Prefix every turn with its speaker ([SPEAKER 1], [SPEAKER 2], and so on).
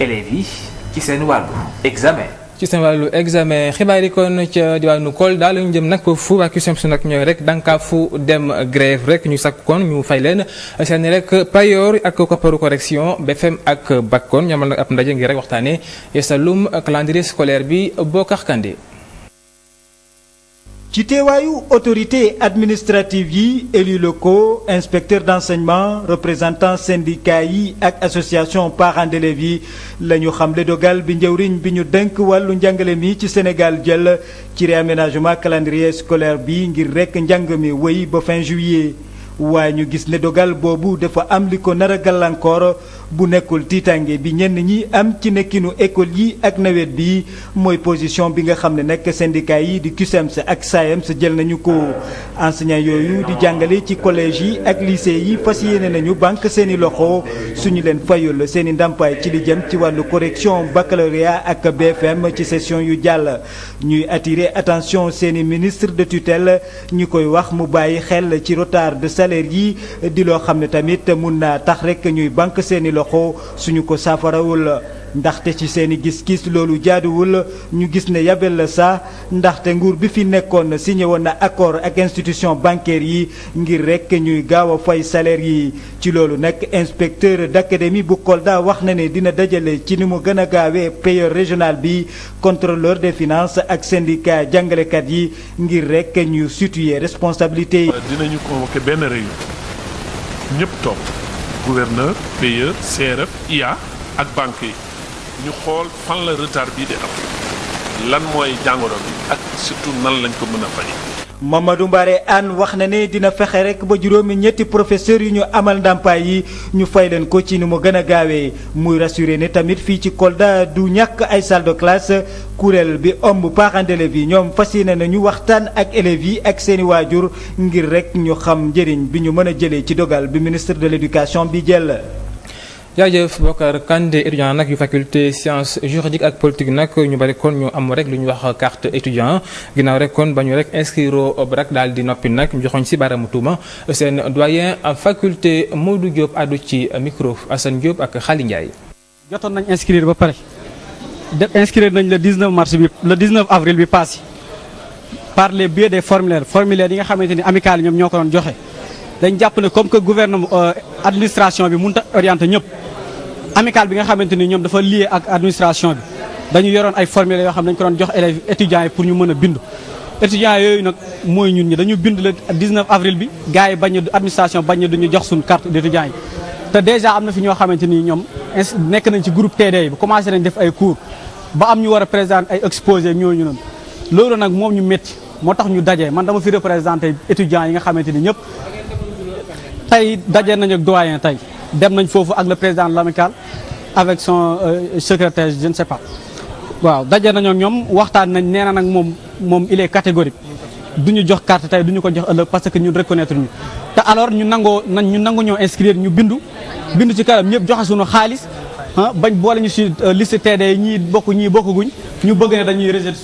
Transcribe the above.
[SPEAKER 1] élèves ci seen wàllu examen. ci seen wàllu examen xibaar yi kon ca diwaanu Kolda la ñu jëm nag fu waa CUSEMS nag ñooy rek fu dem grève rek ñu sakk kon ñu fay leen seen rek payoor ak kopparu correction BFEM ak BAC kon ñoomal nag ab ndaje ngir rek waxtaanee yeesalum calendrier scolaire bi Bokar Kandé.
[SPEAKER 2] ci teewaayu autorité administrative yi élus locaux inspecteur d'enseignement représentant syndicat yi ak association parents d'élèves yi la ñu xamle dogal bi njëwriñ bi ñu dënk wàllu njàngale mi ci Sénégal jël ci réaménagement calendrier scolaire bi ngir rekk njàng mi wéy ba fin juillet waaye ñu gis ne dogal boobu dafa am li ko nar a gàllankoor bu nekkul tiitange bi ñenn ñi am ci nekkinu école yi ak nawet bi mooy position bi nga xam ne nag syndicat yi di CUSEMS ak saayam sa jël nañu ko enseignants yooyu di jàngale ci collège yi ak lycée yi fas yéene nañu banque seeni loxo suñu leen fayul seen i ci li jëm ci wàllu correction baccalauréat ak BFM ci session yu jàll ñuy attire attention seen i ministre de tutelle ñu koy wax mu bàyyi xel ci retard de salaire yi di loo xam ne tamit mun naa tax rek ñuy banque seen i loxo suñu ko saafarawul ndaxte ci seeni gis-gis loolu jaaduwul ñu gis ne yabel sa ndaxte nguur bi fi nekkoon si woon na accord ak institution bancaire yi ngir rek ñuy gaaw a fay salaire yi ci loolu nag inspecteur d'académie bu Kolda wax na ne dina dajale ci ni mu gën a gaawee payeur régional bi contrôleur des finance ak syndicat jàngalekat yi ngir rek ñu situer responsabilité yi. dinañu convoqué benn réunion
[SPEAKER 1] ñëpp toog. gouverneur payeur CRF
[SPEAKER 3] IA ak banque yi ñu xool fan la retard bii di am lan mooy jàngoro bi ak
[SPEAKER 1] surtout nan lañ ko mën a faje
[SPEAKER 2] Mamadou Mbare ànn wax na ne dina fexe rek ba juróomi ñetti professeur yu ñu amal ndàmpaay yi ñu fay leen ko ci ni mu gën a gaawee muy rassuré ne tamit fii ci Kolda du ñàkk ay salle de kuréel bi omb parents d'élèves yi ñoom fas yéene nañu waxtaan ak élèves yi ak seeni waajur ngir rek ñu xam njëriñ bi ñu mën a jëlee ci dogal bi ministre de l'éducation bi jël.
[SPEAKER 1] jaajëf Bokar Kande étudiant nag yu faculté sciences juridiques ak politique nag ñu bari kon ñu am rek lu ñu wax carte étudiant ginnaaw rek kon ba ñu rek inscrire BRAC daal di noppi nag ñu joxoñ ci baaraamu tuuma seen doyen faculté Modou Diop àddu ci micro assan Diop ak Xali Ndiaye.
[SPEAKER 3] jotoon nañ inscrire ba pare def inscrire nañ le 19 mars bi le 19 avril bi passé par les biais des formulaires formulaires yi nga xamante ni amicale ñoom ñoo ko doon joxe dañ jàpp ne comme que gouvernement euh, administration bi mënut a orienté ñëpp. amicale bi nga xamante ni ñoom dafa lié ak administration bi dañu yoroon ay formulaire yoo xam ne dañu ko doon jox élèves étudiants yi pour ñu mën a bindu étudiants yooyu nag mooy ñun ñi dañu bind le 19 avril bi gars yi bañ administration bañ duñu jox suñu carte d' étudiant yi te dèjà am na fi ñoo xamante ni ñoom nekk nañ ci groupe TD yi commencé nañ def ay cours ba am ñu war a présenter ay exposé ñooñu noonu loolu nag moom ñu métti moo tax ñu dajee man dama fi représenté étudiants yi nga xamante ni ñëpp tey daje nañ doyen tey dem nañ foofu ak le président de avec son euh, secrétaire je ne sais waaw daje nañoo ñoom waxtaan nañ nee na nag moom moom il est catégorique du ñu jox carte tey du ñu ko jox ëllëg parce que ñun reconnaître ñu te alors ñu nangoo nañ ñu nangu ñoo inscrire ñu bindu bindu ci kanam ñëpp joxe suñu xaalis ah, bañ boole ñu si euh, liste TD ñii bokk ñii bokkaguñ ñu bëgg ne dañuy rejeté.